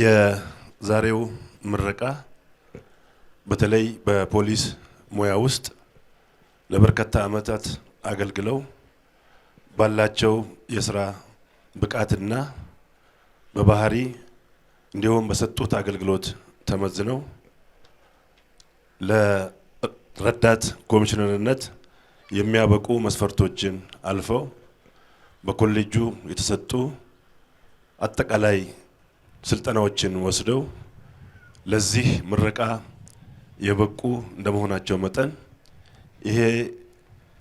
የዛሬው ምረቃ በተለይ በፖሊስ ሙያ ውስጥ ለበርካታ ዓመታት አገልግለው ባላቸው የስራ ብቃትና በባህሪ እንዲሁም በሰጡት አገልግሎት ተመዝነው ለረዳት ኮሚሽነርነት የሚያበቁ መስፈርቶችን አልፈው በኮሌጁ የተሰጡ አጠቃላይ ስልጠናዎችን ወስደው ለዚህ ምረቃ የበቁ እንደመሆናቸው መጠን ይሄ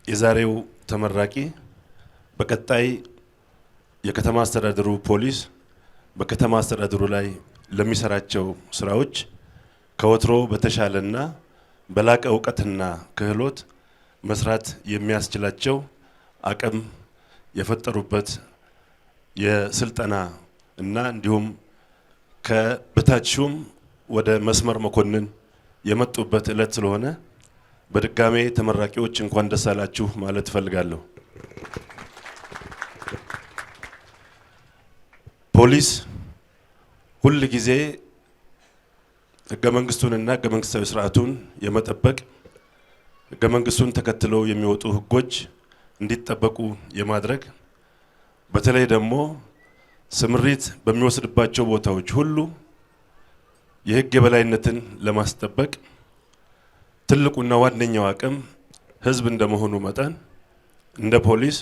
የዛሬው ተመራቂ በቀጣይ የከተማ አስተዳደሩ ፖሊስ በከተማ አስተዳደሩ ላይ ለሚሰራቸው ስራዎች ከወትሮ በተሻለና በላቀ እውቀትና ክህሎት መስራት የሚያስችላቸው አቅም የፈጠሩበት የስልጠና እና እንዲሁም ከበታችሁም ወደ መስመር መኮንን የመጡበት ዕለት ስለሆነ በድጋሜ ተመራቂዎች እንኳን ደስ አላችሁ ማለት እፈልጋለሁ። ፖሊስ ሁል ጊዜ ህገ መንግስቱንና ህገ መንግስታዊ ስርዓቱን የመጠበቅ ህገ መንግስቱን ተከትለው የሚወጡ ህጎች እንዲጠበቁ የማድረግ በተለይ ደግሞ ስምሪት በሚወስድባቸው ቦታዎች ሁሉ የህግ የበላይነትን ለማስጠበቅ ትልቁና ዋነኛው አቅም ህዝብ እንደመሆኑ መጠን እንደ ፖሊስ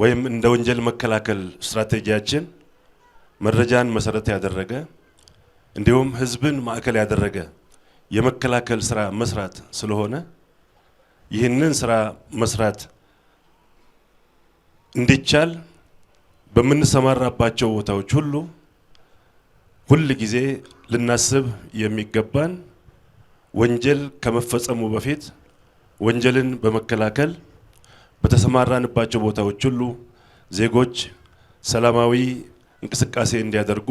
ወይም እንደ ወንጀል መከላከል ስትራቴጂያችን መረጃን መሰረት ያደረገ እንዲሁም ህዝብን ማዕከል ያደረገ የመከላከል ስራ መስራት ስለሆነ ይህንን ስራ መስራት እንዲቻል በምንሰማራባቸው ቦታዎች ሁሉ ሁል ጊዜ ልናስብ የሚገባን ወንጀል ከመፈጸሙ በፊት ወንጀልን በመከላከል በተሰማራንባቸው ቦታዎች ሁሉ ዜጎች ሰላማዊ እንቅስቃሴ እንዲያደርጉ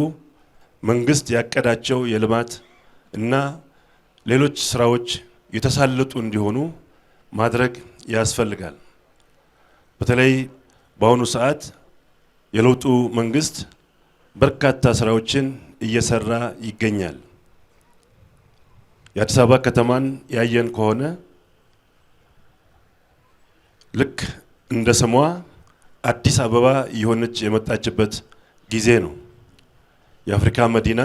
መንግስት ያቀዳቸው የልማት እና ሌሎች ስራዎች የተሳለጡ እንዲሆኑ ማድረግ ያስፈልጋል። በተለይ በአሁኑ ሰዓት የለውጡ መንግስት በርካታ ስራዎችን እየሰራ ይገኛል። የአዲስ አበባ ከተማን ያየን ከሆነ ልክ እንደ ስሟ አዲስ አበባ የሆነች የመጣችበት ጊዜ ነው። የአፍሪካ መዲና፣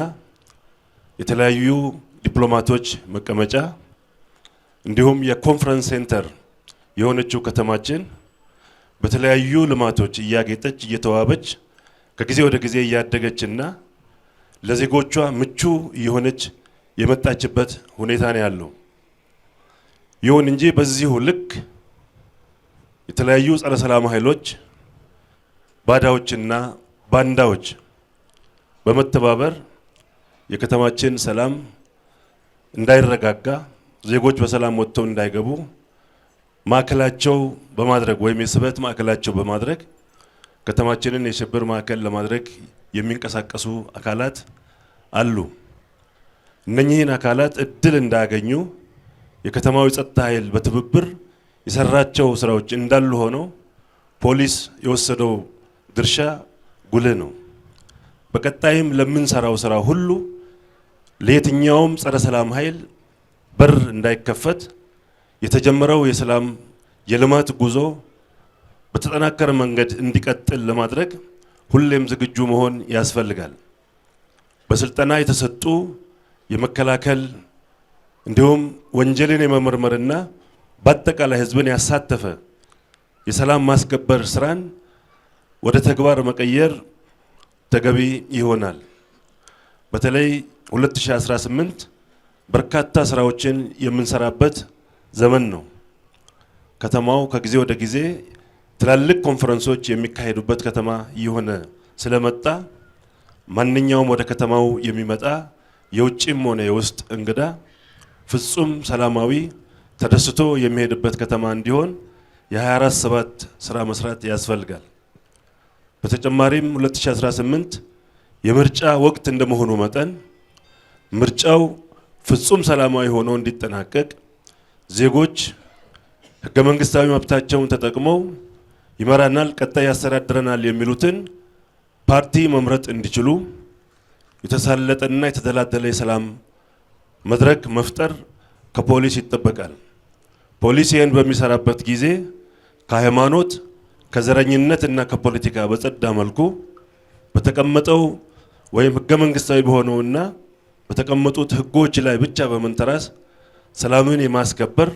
የተለያዩ ዲፕሎማቶች መቀመጫ እንዲሁም የኮንፈረንስ ሴንተር የሆነችው ከተማችን በተለያዩ ልማቶች እያጌጠች እየተዋበች ከጊዜ ወደ ጊዜ እያደገችና ለዜጎቿ ምቹ እየሆነች የመጣችበት ሁኔታ ነው ያለው። ይሁን እንጂ በዚሁ ልክ የተለያዩ ጸረ ሰላም ኃይሎች ባዳዎችና ባንዳዎች በመተባበር የከተማችን ሰላም እንዳይረጋጋ ዜጎች በሰላም ወጥተው እንዳይገቡ ማዕከላቸው በማድረግ ወይም የስበት ማዕከላቸው በማድረግ ከተማችንን የሽብር ማዕከል ለማድረግ የሚንቀሳቀሱ አካላት አሉ። እነኚህን አካላት እድል እንዳያገኙ የከተማው የጸጥታ ኃይል በትብብር የሰራቸው ስራዎች እንዳሉ ሆነው ፖሊስ የወሰደው ድርሻ ጉልህ ነው። በቀጣይም ለምንሰራው ስራ ሁሉ ለየትኛውም ጸረ ሰላም ኃይል በር እንዳይከፈት የተጀመረው የሰላም የልማት ጉዞ በተጠናከረ መንገድ እንዲቀጥል ለማድረግ ሁሌም ዝግጁ መሆን ያስፈልጋል። በስልጠና የተሰጡ የመከላከል እንዲሁም ወንጀልን የመመርመርና በአጠቃላይ ሕዝብን ያሳተፈ የሰላም ማስከበር ስራን ወደ ተግባር መቀየር ተገቢ ይሆናል። በተለይ 2018 በርካታ ስራዎችን የምንሰራበት ዘመን ነው። ከተማው ከጊዜ ወደ ጊዜ ትላልቅ ኮንፈረንሶች የሚካሄዱበት ከተማ እየሆነ ስለመጣ ማንኛውም ወደ ከተማው የሚመጣ የውጭም ሆነ የውስጥ እንግዳ ፍጹም ሰላማዊ ተደስቶ የሚሄድበት ከተማ እንዲሆን የ24 ስራ መስራት ያስፈልጋል። በተጨማሪም 2018 የምርጫ ወቅት እንደመሆኑ መጠን ምርጫው ፍጹም ሰላማዊ ሆኖ እንዲጠናቀቅ ዜጎች ህገ መንግስታዊ መብታቸውን ተጠቅመው ይመራናል፣ ቀጣይ ያስተዳድረናል የሚሉትን ፓርቲ መምረጥ እንዲችሉ የተሳለጠና የተደላደለ የሰላም መድረክ መፍጠር ከፖሊስ ይጠበቃል። ፖሊስ ይህን በሚሰራበት ጊዜ ከሃይማኖት ከዘረኝነት እና ከፖለቲካ በጸዳ መልኩ በተቀመጠው ወይም ህገ መንግስታዊ እና በተቀመጡት ህጎች ላይ ብቻ በመንተራስ ሰላምን የማስከበር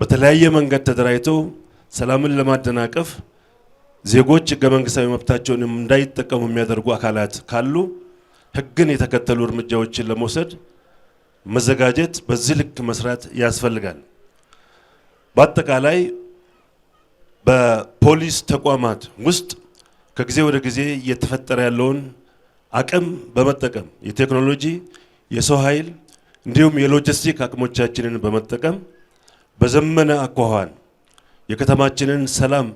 በተለያየ መንገድ ተደራጅተው ሰላምን ለማደናቀፍ ዜጎች ህገ መንግስታዊ መብታቸውን እንዳይጠቀሙ የሚያደርጉ አካላት ካሉ ህግን የተከተሉ እርምጃዎችን ለመውሰድ መዘጋጀት፣ በዚህ ልክ መስራት ያስፈልጋል። በአጠቃላይ በፖሊስ ተቋማት ውስጥ ከጊዜ ወደ ጊዜ እየተፈጠረ ያለውን አቅም በመጠቀም የቴክኖሎጂ የሰው ኃይል እንዲሁም የሎጂስቲክ አቅሞቻችንን በመጠቀም በዘመነ አኳኋን የከተማችንን ሰላም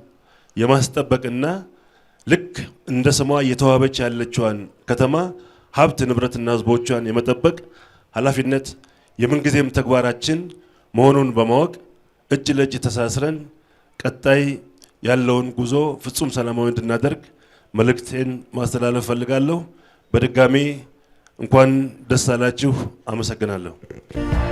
የማስጠበቅና ልክ እንደ ስሟ እየተዋበች ያለችዋን ከተማ ሀብት ንብረትና ሕዝቦቿን የመጠበቅ ኃላፊነት የምንጊዜም ተግባራችን መሆኑን በማወቅ እጅ ለእጅ ተሳስረን ቀጣይ ያለውን ጉዞ ፍጹም ሰላማዊ እንድናደርግ መልእክቴን ማስተላለፍ ፈልጋለሁ። በድጋሜ እንኳን ደስ አላችሁ። አመሰግናለሁ።